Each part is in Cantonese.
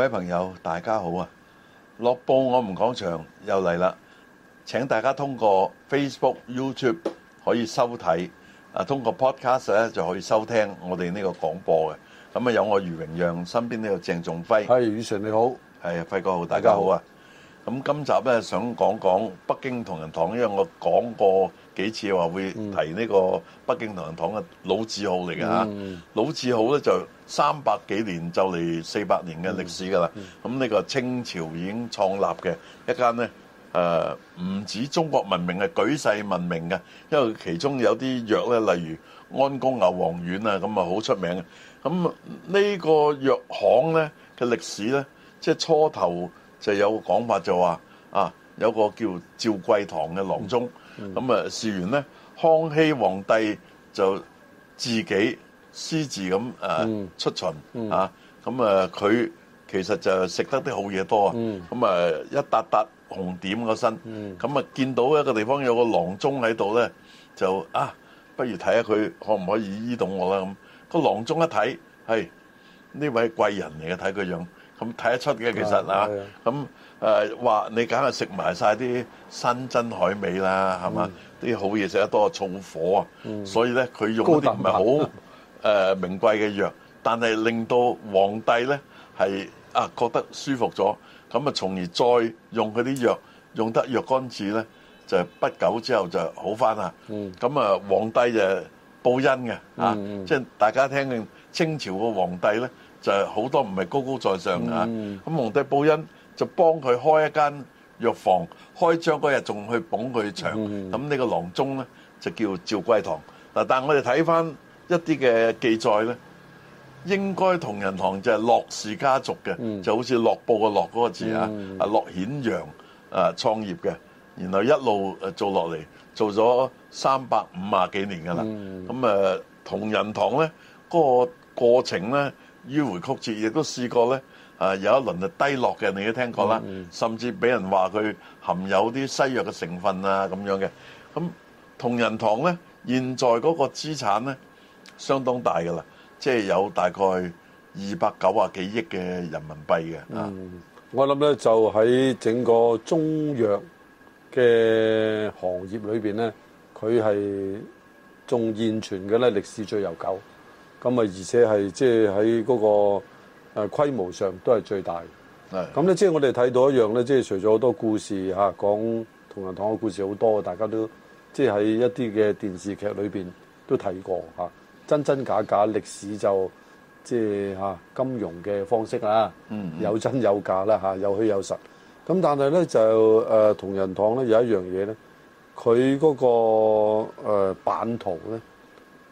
各位朋友，大家好啊！樂報我唔講場又嚟啦，請大家通過 Facebook、YouTube 可以收睇，啊，通過 Podcast 咧就可以收聽我哋呢個廣播嘅。咁啊，有我余榮讓身邊呢個鄭仲輝，係、hey, 宇晨你好，係輝哥好，大家好啊！咁今集咧想講講北京同仁堂，因為我講過。幾次話會提呢個北京同仁堂嘅老字號嚟嘅嚇，老字號咧就三百幾年就嚟四百年嘅歷史噶啦。咁呢個清朝已經創立嘅一間咧，誒、呃、唔止中國文明，係舉世文明嘅，因為其中有啲藥咧，例如安宮牛黃丸啊，咁啊好出名嘅。咁呢個藥行咧嘅歷史咧，即係初頭就有講法就說，就話啊有個叫趙貴堂嘅郎中。咁、嗯、啊，事完咧，康熙皇帝就自己私自咁出巡，嗯嗯、啊。咁、嗯、啊，佢、嗯嗯、其實就食得啲好嘢多啊。咁、嗯、啊，一笪笪紅點個身，咁、嗯、啊、嗯，見到一個地方有個郎中喺度咧，就啊，不如睇下佢可唔可以醫到我啦。咁，個郎中一睇，係、哎、呢位貴人嚟嘅，睇佢樣。咁睇得出嘅，其實啊，咁誒話你梗係食埋晒啲山珍海味啦，係嘛？啲、嗯、好嘢食得多，重火啊、嗯！所以咧，佢用嗰啲唔係好誒名貴嘅藥，但係令到皇帝咧係啊覺得舒服咗，咁啊從而再用嗰啲藥，用得藥干治咧，就不久之後就好翻啦。咁、嗯、啊，皇帝就報恩嘅、嗯嗯、啊，即係大家聽聽清朝個皇帝咧。就係好多唔係高高在上㗎、啊嗯。咁、嗯、皇帝報恩就幫佢開一間藥房，開張嗰日仲去捧佢場、嗯。咁、嗯、呢個郎中咧就叫趙貴堂。嗱，但我哋睇翻一啲嘅記載咧，應該同仁堂就係樂氏家族嘅，就好似樂報個樂嗰個字啊，阿樂顯揚、啊、創業嘅，然後一路做落嚟，做咗三百五廿幾年㗎啦。咁同仁堂咧嗰個過程咧。迂回曲折，亦都試過呢、呃，有一輪係低落嘅，你都聽過啦、嗯嗯。甚至俾人話佢含有啲西藥嘅成分啊，咁樣嘅。咁、嗯、同仁堂呢，現在嗰個資產呢，相當大㗎啦，即係有大概二百九啊幾億嘅人民幣嘅。啊、嗯，我諗呢，就喺整個中藥嘅行業裏面呢，佢係仲現存嘅呢，歷史最悠久。咁啊，而且係即係喺嗰個誒規模上都係最大。咁咧，即係我哋睇到一樣咧，即係除咗好多故事嚇，講同仁堂嘅故事好多，大家都即係喺一啲嘅電視劇裏邊都睇過嚇，真真假假，歷史就即係嚇金融嘅方式啦，有真有假啦嚇，有虛有實。咁但係咧就誒同仁堂咧有一樣嘢咧，佢嗰個誒版圖咧。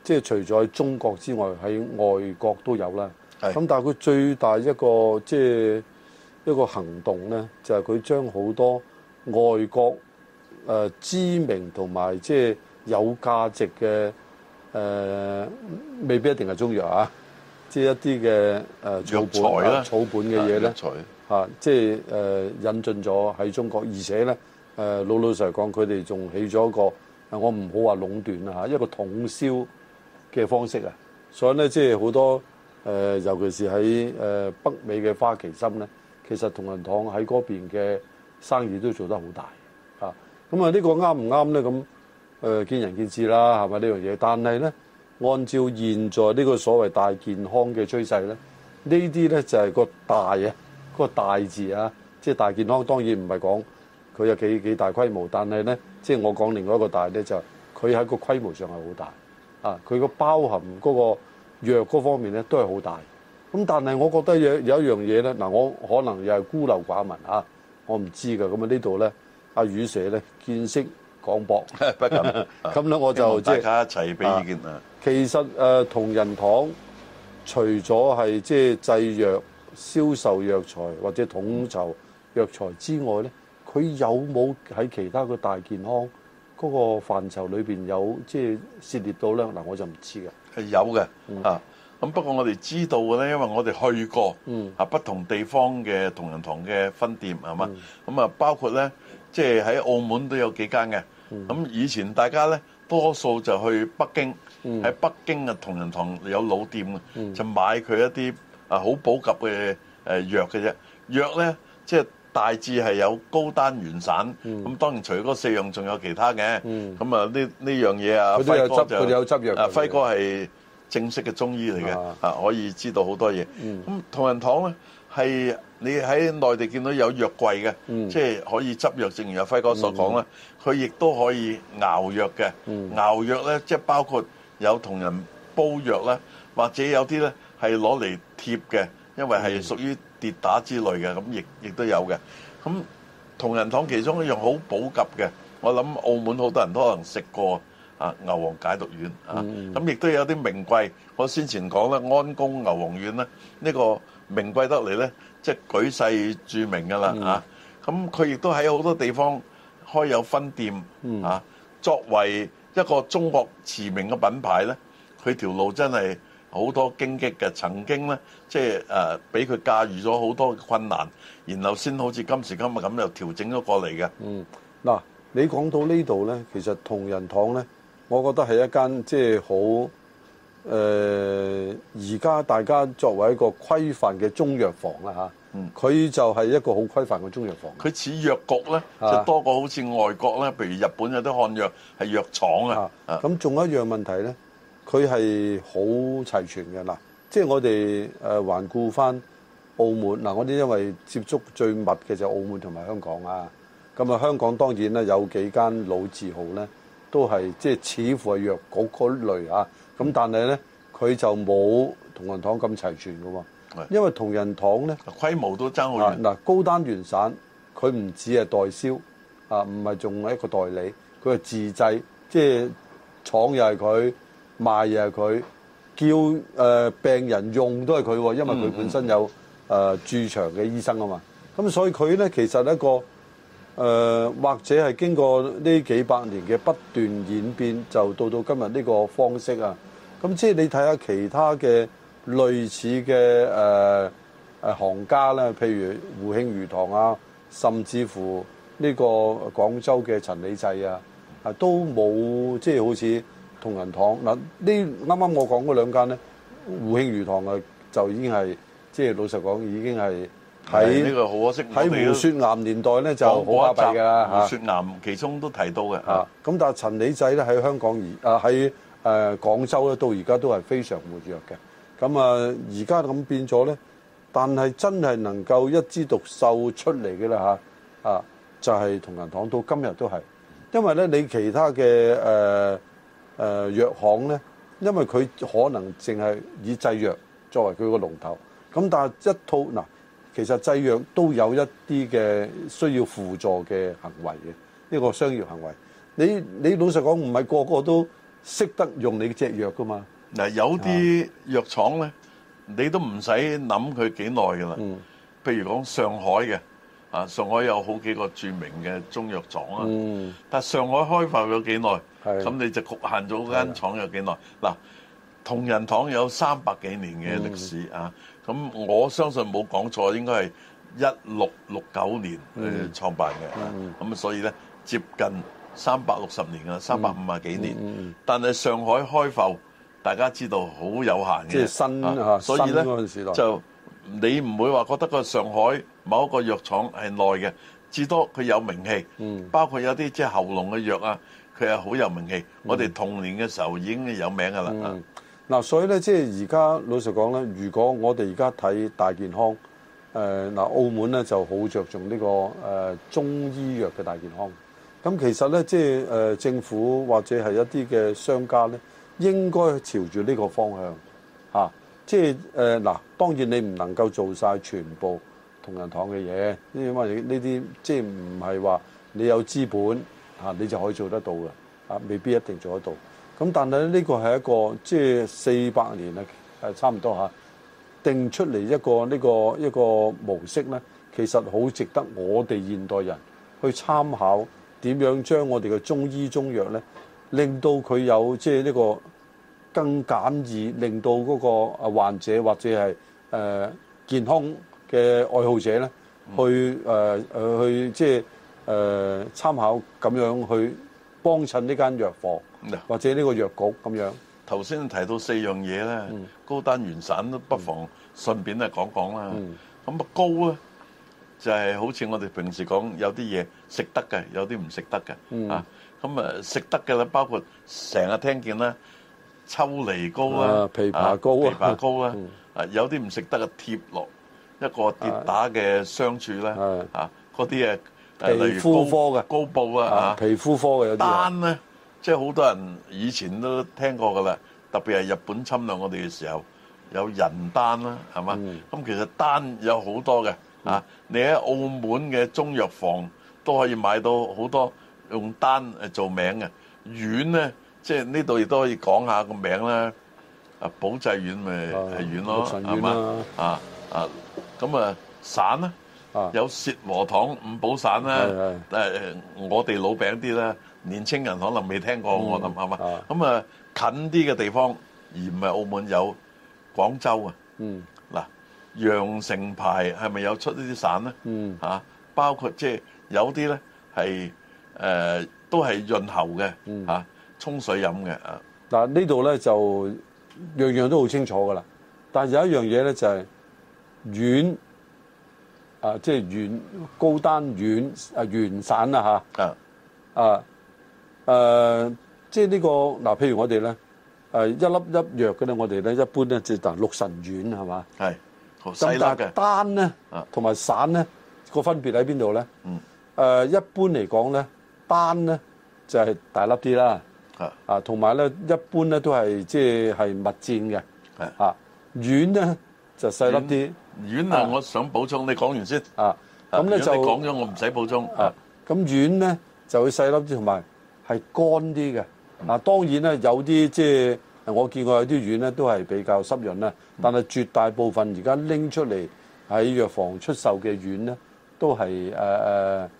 即係除咗喺中國之外，喺外國都有啦。咁但係佢最大一個即係一個行動咧，就係、是、佢將好多外國誒、呃、知名同埋即係有價值嘅誒、呃，未必一定係中藥啊，即係一啲嘅誒藥材啦、草本嘅嘢咧嚇，即係誒、呃、引進咗喺中國，而且咧誒、呃、老老實實講，佢哋仲起咗一個，我唔好話壟斷啊，一個統銷嘅方式啊，所以咧即係好多誒、呃，尤其是喺誒、呃、北美嘅花旗參咧，其實同仁堂喺嗰邊嘅生意都做得好大啊。咁啊，呢個啱唔啱咧？咁、呃、誒見仁見智啦，係咪呢樣嘢？但係咧，按照現在呢個所謂大健康嘅趨勢咧，呢啲咧就係、是、個大啊，嗰個大字啊，即、就、係、是、大健康當然唔係講佢有幾幾大規模，但係咧，即、就、係、是、我講另外一個大咧，就佢、是、喺個規模上係好大。啊！佢個包含嗰個藥嗰方面咧，都係好大。咁但係我覺得有有一樣嘢咧，嗱、啊、我可能又係孤陋寡聞嚇、啊，我唔知噶。咁啊呢度咧，阿、啊、雨社咧見識廣博，不敢咁咧、啊啊、我就即係大家一齊俾意見啊。其實、啊、同仁堂除咗係即係製藥、銷售藥材或者統籌藥材之外咧，佢有冇喺其他嘅大健康？嗰、嗰個範疇裏面有即係涉獵到咧，嗱我就唔知嘅。係有嘅啊，咁不過我哋知道嘅咧，因為我哋去過啊不同地方嘅同仁堂嘅分店係嘛，咁啊、嗯嗯、包括咧即係喺澳門都有幾間嘅。咁、嗯、以前大家咧多數就去北京，喺北京嘅同仁堂有老店嘅，就買佢一啲啊好普及嘅誒藥嘅啫。藥咧即係。大致係有膏丹丸散，咁當然除咗嗰四樣，仲有其他嘅。咁啊，呢呢樣嘢啊，輝哥就啊，輝哥係正式嘅中醫嚟嘅，啊可以知道好多嘢。咁同仁堂咧，係你喺內地見到有藥櫃嘅，即係可以執藥。正如阿輝哥所講啦，佢亦都可以熬藥嘅。熬藥咧，即係包括有同仁煲藥咧，或者有啲咧係攞嚟貼嘅，因為係屬於。跌打之類嘅，咁亦亦都有嘅。咁同仁堂其中一樣好普及嘅，我諗澳門好多人都可能食過啊牛黃解毒丸啊，咁亦都有啲名貴。我先前講啦，安宮牛黃丸咧呢個名貴得嚟咧，即係舉世著名㗎啦嚇。咁佢亦都喺好多地方開有分店啊，作為一個中國馳名嘅品牌咧，佢條路真係。好多荊棘嘅，曾經咧，即係誒，俾、呃、佢駕馭咗好多困難，然後先好似今時今日咁又調整咗過嚟嘅。嗯，嗱，你講到呢度咧，其實同仁堂咧，我覺得係一間即係好誒，而、呃、家大家作為一個規範嘅中藥房啦、啊、嗯，佢就係一個好規範嘅中藥房。佢似藥局咧、啊，就多過好似外國咧，譬如日本有啲漢藥係藥廠啊。咁、啊、仲、嗯啊啊、有一樣問題咧。佢係好齊全嘅喇，即係我哋誒環顧翻澳門嗱，我哋因為接觸最密嘅就澳門同埋香港啊，咁啊香港當然咧有幾間老字號咧，都係即係似乎係藥局嗰類啊，咁但係咧佢就冇同仁堂咁齊全㗎嘛，因為同仁堂咧規模都爭好遠，嗱高單元散佢唔止係代銷啊，唔係仲係一個代理，佢係自製，即係廠又係佢。賣嘢係佢，叫誒病人用都係佢，因為佢本身有誒駐場嘅醫生啊嘛。咁、嗯嗯、所以佢咧其實一個誒、呃，或者係經過呢幾百年嘅不斷演變，就到到今日呢個方式啊。咁即係你睇下其他嘅類似嘅誒誒行家咧，譬如胡慶餘堂啊，甚至乎呢個廣州嘅陳李濟啊，啊都冇即係好似。同仁堂嗱，呢啱啱我講嗰兩間咧，胡慶餘堂啊，就已經係即係老實講，已經係喺呢個好可惜，喺胡雪岩年代咧就好巴閉噶啦嚇。胡雪岩其中都提到嘅，咁但係陳李濟咧喺香港而啊喺誒廣州咧到而家都係非常活躍嘅。咁啊而家咁變咗咧，但係真係能夠一枝獨秀出嚟嘅啦嚇啊，就係、是、同仁堂到今日都係，因為咧你其他嘅誒。呃誒、呃、藥行呢，因為佢可能淨係以製藥作為佢個龍頭，咁但係一套嗱，其實製藥都有一啲嘅需要輔助嘅行為嘅，呢、呢個商業行為，你你老實講唔係個個都識得用你隻藥㗎嘛？嗱，有啲藥廠呢，啊、你都唔使諗佢幾耐㗎喇，譬如講上海嘅。上海有好幾個著名嘅中藥廠，但上海開埠咗幾耐，咁你就局限咗嗰間廠有幾耐。同仁堂有三百幾年嘅歷史，咁我相信冇講錯，應該係一六六九年創辦嘅，咁所以呢，接近三百六十年，三百五十幾年，但上海開埠大家知道好有限嘅歷史，即係新，所以呢，你唔會話覺得個上海某一個藥廠係耐嘅，至多佢有名氣。嗯，包括有啲即係喉嚨嘅藥啊，佢係好有名氣。嗯、我哋童年嘅時候已經有名㗎啦。嗯，嗱，所以咧，即係而家老實講咧，如果我哋而家睇大健康，誒、呃、嗱，澳門咧就好着重呢、這個誒、呃、中醫藥嘅大健康。咁其實咧，即、就、係、是呃、政府或者係一啲嘅商家咧，應該朝住呢個方向、啊即係誒嗱，當然你唔能夠做晒全部同仁堂嘅嘢，因為呢啲即係唔係話你有資本、啊、你就可以做得到嘅、啊、未必一定做得到。咁但係呢個係一個即係四百年啊誒、差唔多嚇，定出嚟一個呢個一個模式咧，其實好值得我哋現代人去參考點樣將我哋嘅中醫中藥咧，令到佢有即係、這、呢個。更簡易，令到嗰個啊患者或者係誒健康嘅愛好者咧，去誒誒去即係誒參考咁樣去幫襯呢間藥房，或者呢個藥局咁樣。頭先提到四樣嘢咧，膏丹丸散都不妨順便嚟講講啦。咁啊，膏咧就係好似我哋平時講有啲嘢食得嘅，有啲唔食得嘅啊。咁啊，食得嘅咧，包括成日聽見咧。秋梨膏啦、枇杷膏啊、枇杷膏啦，啊，啊，啊有啲唔食得嘅貼落一個跌打嘅傷處咧、啊，啊嗰啲啊，啊，啊，例如高高布啊，啊，皮膚科嘅有丹咧，即係好多人以前都聽過嘅啦，特別係日本侵略我哋嘅時候，有人丹啦，係嘛？咁、嗯嗯、其實丹有好多嘅，啊你喺澳門嘅中藥房都可以買到好多用丹嚟做名嘅丸咧。即係呢度亦都可以講下個名啦，啊保濟丸咪係丸咯，係嘛？啊啊咁啊散啦、啊，有薛和堂五寶散啦，誒、啊、我哋老餅啲啦，年輕人可能未聽過，我諗係嘛，咁啊近啲嘅地方而唔係澳門有廣州啊，嗱、嗯、羊、啊、城牌係咪有出這些呢啲散咧？啊，包括即係有啲咧係誒都係潤喉嘅、嗯、啊。沖水飲嘅、嗯就是、啊！嗱呢度咧就樣樣都好清楚噶啦，但係有一樣嘢咧就係丸啊，即係丸膏丹丸啊，丸散啦吓，啊、呃、啊即係、這、呢個嗱、呃，譬如我哋咧誒一粒一粒藥嘅咧，我哋咧一般咧就係、是、六神丸係嘛？係咁，但嘅丹咧同埋散咧、那個分別喺邊度咧？嗯、呃、一般嚟講咧，丹咧就係、是、大粒啲啦。啊！同埋咧，一般咧都係即係蜜餞嘅，吓丸，咧就細粒啲。丸啊，我想補充，啊、你講完先啊。咁咧就講咗，我唔使補充。咁丸咧就會細粒啲，同埋係乾啲嘅。啊，當然咧有啲即係我見過有啲丸咧都係比較濕潤啦，但係絕大部分而家拎出嚟喺藥房出售嘅丸咧都係誒誒乾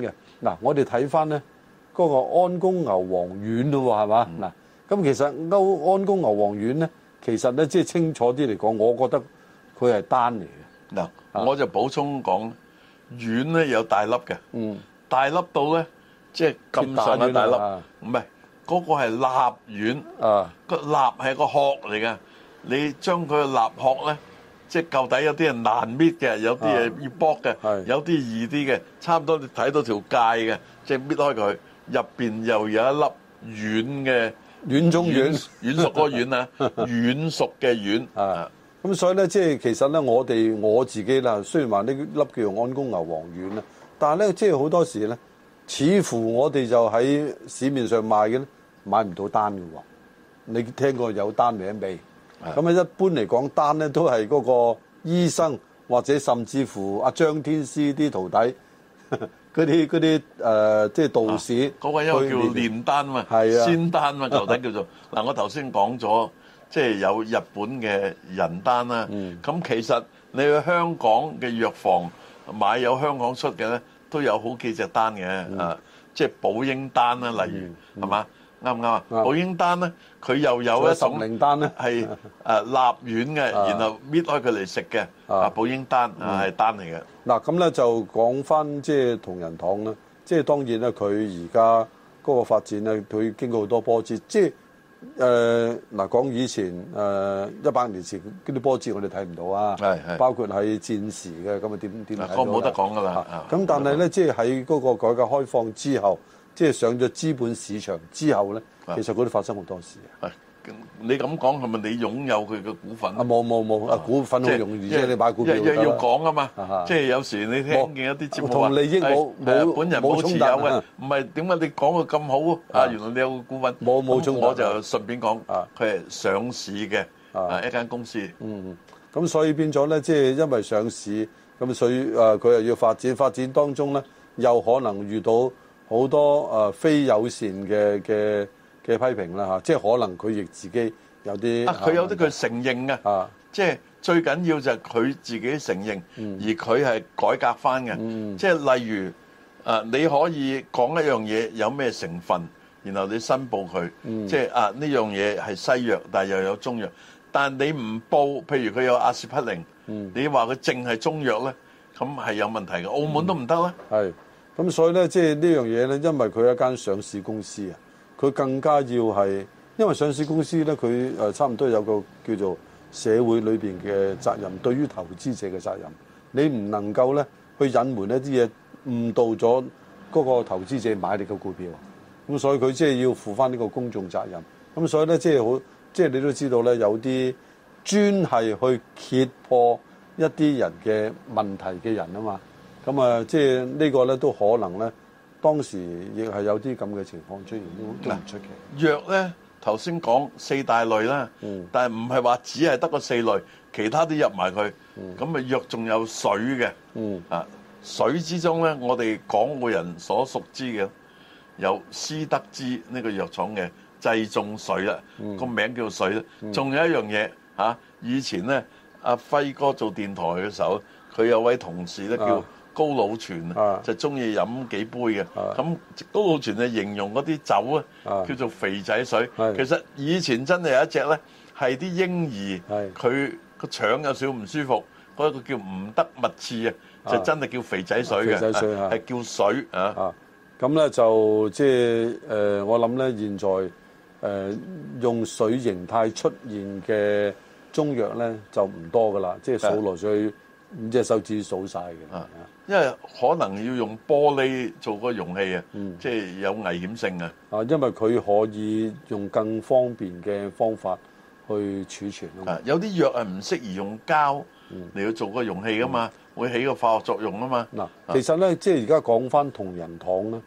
嘅。嗱、呃呃啊，我哋睇翻咧。嗰、嗰個安宮牛黃丸咯喎，係嘛嗱？咁其實歐安宮牛黃丸咧，其實咧即係清楚啲嚟講，我覺得佢係丹嚟嘅嗱。我就補充講，丸咧有大粒嘅，嗯，大粒到咧即係咁上大粒，唔係嗰個係蠟丸，個蠟係個殼嚟嘅。你將佢個蠟殼咧，即係舊底有難的，有啲係難搣嘅，啊、有啲嘢要剝嘅，有啲易啲嘅，差唔多你睇到條界嘅，即係搣開佢，入邊又有一粒軟嘅，軟中軟，軟熟嗰個軟啊，軟熟嘅軟啊。咁 所以咧，即係其實咧，我哋我自己啦，雖然話呢粒叫做安宮牛黃丸啊，但係咧，即係好多時咧，似乎我哋就喺市面上賣嘅咧，買唔到單嘅喎、哦。你聽過有單名未？咁啊，一般嚟講，單咧都係嗰個醫生或者甚至乎阿張天師啲徒弟。 嗰啲啲誒，即係、呃就是、道士嗰、啊那個，因為叫煉丹嘛，仙丹嘛，頭等、啊、叫做嗱、 啊。我頭先講咗，即、就、係、是、有日本嘅人丹啦。咁、嗯、其實你去香港嘅藥房買有香港出嘅咧，都有好幾隻丹嘅，誒、嗯，即、啊、係、就是、保嬰丹啦，例如係嘛。嗯嗯。啱唔啱啊？保嬰丹咧，佢又有一種零丹咧，係誒立丸嘅、啊，然後搣開佢嚟食嘅。啊，保嬰丹係、嗯、丹嚟嘅。嗱咁咧就講返即係同仁堂啦。即、就、係、是、當然啦，佢而家嗰個發展咧，佢經過好多波折。即係誒嗱，講、呃、以前誒一百年前嗰啲波折我，我哋睇唔到啊。係係，包括喺戰時嘅咁、這個、啊，點點睇冇得講噶啦。咁但係咧，即係喺嗰個改革開放之後。即係上咗資本市場之後咧，其實嗰啲發生好多事啊！你咁講係咪你擁有佢嘅股份啊？冇冇冇啊！股份好容易，即係你買股票啊！日日要講啊嘛！即係有時你聽見一啲節目話，同利益冇冇冇衝突啊！唔係點解你講佢咁好啊？原來你有股份，冇冇衝？我就順便講啊，佢係上市嘅啊一間公司。嗯，咁所以變咗咧，即係因為上市咁，所以啊，佢又要發展，發展當中咧又可能遇到，好多誒、呃、非友善嘅嘅嘅批評啦嚇、啊，即係可能佢亦自己有啲啊，佢有啲佢承認嘅啊，即、就、係、是、最緊要就係佢自己承認，嗯、而佢係改革翻嘅，即、嗯、係、就是、例如誒、啊、你可以講一樣嘢有咩成分，然後你申報佢，即、嗯、係、就是、啊呢樣嘢係西，西藥，但係又有中藥，但係你唔報，譬如佢有阿司匹靈、嗯，你話佢淨係中藥咧，咁係有問題嘅，澳門都唔得啦，係、嗯。咁所以咧，即係呢樣嘢咧，因為佢一間上市公司啊，佢更加要係，因為上市公司咧，佢差唔多有個叫做社會裏邊嘅責任，對於投資者嘅責任，你唔能夠咧去隱瞞一啲嘢，誤導咗嗰個投資者買你個股票，咁所以佢即係要負翻呢個公眾責任。咁所以咧，即係好，即係你都知道咧，有啲專係去揭破一啲人嘅問題嘅人啊嘛。咁啊，即係呢個咧都可能咧，當時亦係有啲咁嘅情況出現，都唔出奇嘅藥咧。頭先講四大類啦，嗯，但係唔係話只係得個四類，其他啲入埋去，咁啊藥仲有水嘅，嗯，啊水之中咧，我哋港澳人所熟知嘅有施德之呢個藥廠嘅製種水啦，個名叫水啦，仲、嗯、有一樣嘢嚇、啊。以前咧，阿輝哥做電台嘅時候，佢有位同事咧叫。嗯啊高老泉啊，就中意飲幾杯嘅。咁高老泉就形容嗰啲酒啊，叫做肥仔水。其實以前真係有一隻咧，係啲嬰兒，佢個腸有少少唔舒服，嗰個叫唔得物治啊，就真係叫肥仔水嘅。肥仔水係叫水啊。咁咧就即係誒，我諗咧現在誒用水形態出現嘅中藥咧就唔多㗎喇，即係數落最。五隻手指數晒嘅，因為可能要用玻璃做個容器啊，即、嗯、係、就是、有危險性啊。啊，因為佢可以用更方便嘅方法去儲存啊、嗯。有啲藥係唔適宜用膠嚟去做個容器噶嘛、嗯，會起個化學作用啊嘛。嗱，其實咧，即係而家講翻同仁堂咧，誒、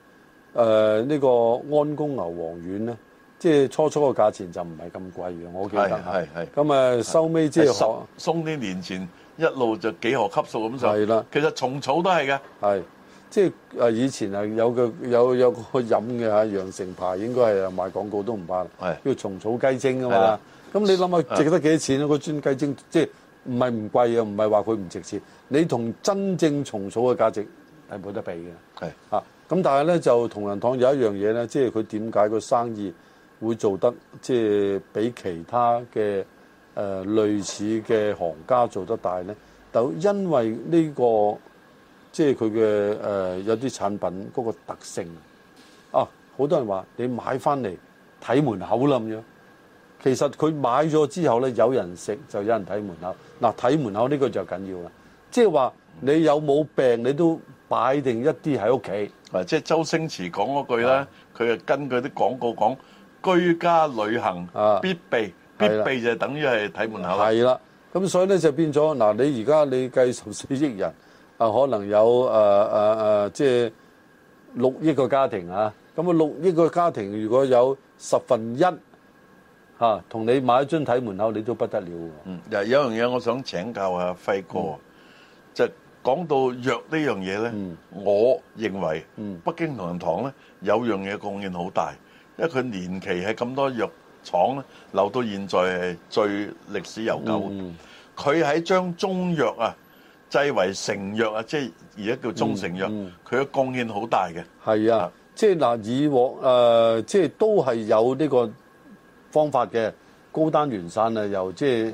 呃、呢、這個安宮牛黃丸咧，即係初初嘅價錢就唔係咁貴嘅，我記得。係係咁啊，收尾即係十，鬆啲年前。一路就幾何級數咁上，係啦。其實蟲草都係嘅，即係以前有個有有個飲嘅啊，羊城牌應該係啊賣廣告都唔怕啦，叫蟲草雞精啊嘛。咁你諗下值得幾錢啊？個專雞精即係唔係唔貴啊？唔係話佢唔值錢。你同真正蟲草嘅價值係冇得比嘅，係啊。咁但係咧就同仁堂有一樣嘢咧，即係佢點解個生意會做得即係比其他嘅？誒、呃、類似嘅行家做得大咧，就因為呢、呢個即係佢嘅誒有啲產品嗰個特性啊！好多人話你買翻嚟睇門口啦，咁樣其實佢買咗之後咧，有人食就有人睇門口。嗱、啊、睇門口呢個就緊要啦、就是啊，即係話你有冇病你都擺定一啲喺屋企。即係周星馳講嗰句啦，佢係根據啲廣告講居家旅行必備。啊。係啦，必備就等於係睇門口啦。係啦，咁所以咧就變咗嗱，你而家你計十四億人，啊可能有誒誒誒，即係六億個家庭啊。咁啊，六億個家庭如果有十分一吓，同你買一樽睇門口，你都不得了。嗯，又有一樣嘢我想請教下輝哥，就講到藥呢樣嘢咧，我認為，嗯，北京同仁堂咧有樣嘢貢獻好大，因為佢年期係咁多藥。廠咧留到現在係最歷史悠久的，他在將，啊。佢喺將中藥啊製為成藥，嗯嗯、啊，即係而家叫中成藥，佢嘅貢獻好大嘅。係啊，呃、即係嗱，以往誒即係都係有呢個方法嘅，高丹元散啊，由即係誒、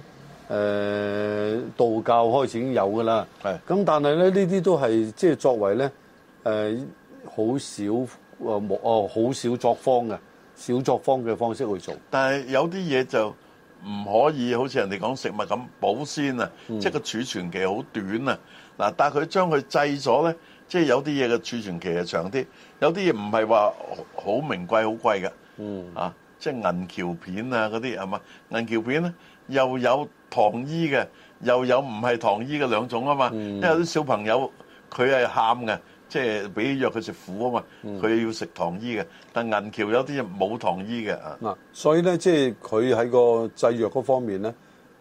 呃、道教開始已經有㗎喇。係。咁但係咧，呢啲都係即係作為咧誒好少誒冇哦，好少作坊嘅。小作坊嘅方式去做但、嗯，但係有啲嘢就唔可以好似人哋講食物咁保鮮啊，即係個儲存期好短啊。嗱，但係佢將佢製咗咧，即係有啲嘢嘅儲存期係長啲，有啲嘢唔係話好名貴、好貴嘅。嗯，啊，即係銀翹片啊嗰啲係嘛？銀翹片咧又有糖衣嘅，又有唔係糖衣嘅兩種啊嘛。嗯、因為啲小朋友佢係喊嘅。他是即係俾藥佢食苦啊嘛，佢要食糖衣嘅。但銀橋有啲冇糖衣嘅啊。嗱、嗯，所以咧，即係佢喺個製藥嗰方面咧，誒、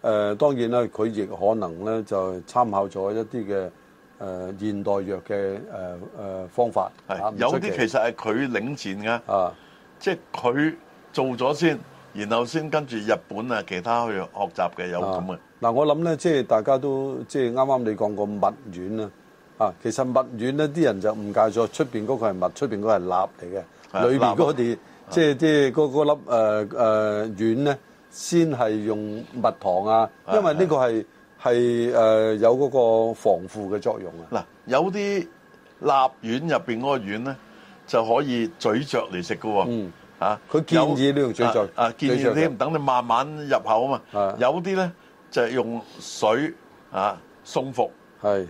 呃、當然啦，佢亦可能咧就參考咗一啲嘅誒現代藥嘅誒誒方法係、嗯。有啲其實係佢領先嘅、嗯，即係佢做咗先，然後先跟住日本啊其他去學習嘅，有咁嘅。嗱、嗯嗯，我諗咧，即係大家都即係啱啱你講個蜜丸啦。啊，其實蜜丸咧，啲人就誤解咗，出邊嗰個係蜜，出邊嗰係蠟嚟嘅。裏邊嗰啲即係即係嗰個粒誒誒丸咧，先係用蜜糖啊，因為呢個係係誒有嗰個防腐嘅作用啊。嗱，有啲蠟丸入邊嗰個丸咧，就可以咀嚼嚟食㗎喎。嗯，啊，佢建議呢用咀嚼，啊建議你唔等你慢慢入口啊嘛。有啲咧就用水啊送服。係。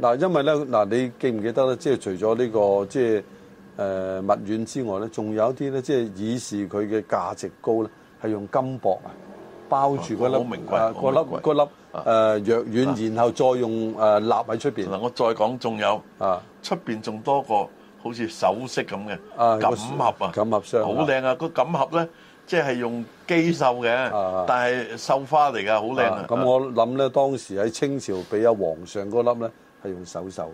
嗱，因為咧，嗱你記唔記得咧、呢個呃？即係除咗呢個即係誒蜜丸之外咧，仲有啲咧，即係以示佢嘅價值高咧，係用金箔啊包住嗰粒誒嗰、啊、粒名嗰粒誒藥丸，然後再用誒蠟喺出邊。嗱，我、呃呃、再講，仲、呃呃呃、有啊，出邊仲多個好似首飾咁嘅錦盒啊，錦盒箱，好靚啊！個錦盒咧，即係用機繡嘅，但係繡花嚟㗎，好靚啊！咁我諗咧，當時喺清朝俾阿皇上嗰粒咧。係用手授，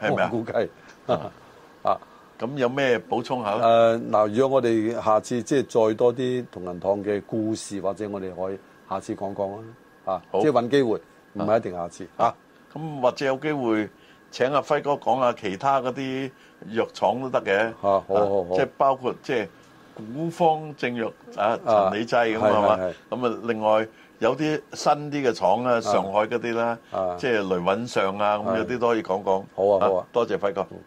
係咪估計 啊，咁有咩補充下？誒、呃、嗱，如果我哋下次即係再多啲同仁堂嘅故事，或者我哋可以下次講一講啦，啊，即係揾機會，唔、啊、係一定下次啊。咁、啊啊啊、或者有機會請阿輝哥講下其他嗰啲藥廠都得嘅，啊，好好好，即係、啊就是、包括即係、就是、古方正藥啊，啊陳李濟咁啊嘛，咁啊另外。有啲新啲嘅廠啊，上海嗰啲啦，即係、就是、雷允上啊，咁有啲都可以講講。好啊，好啊，多謝輝哥。嗯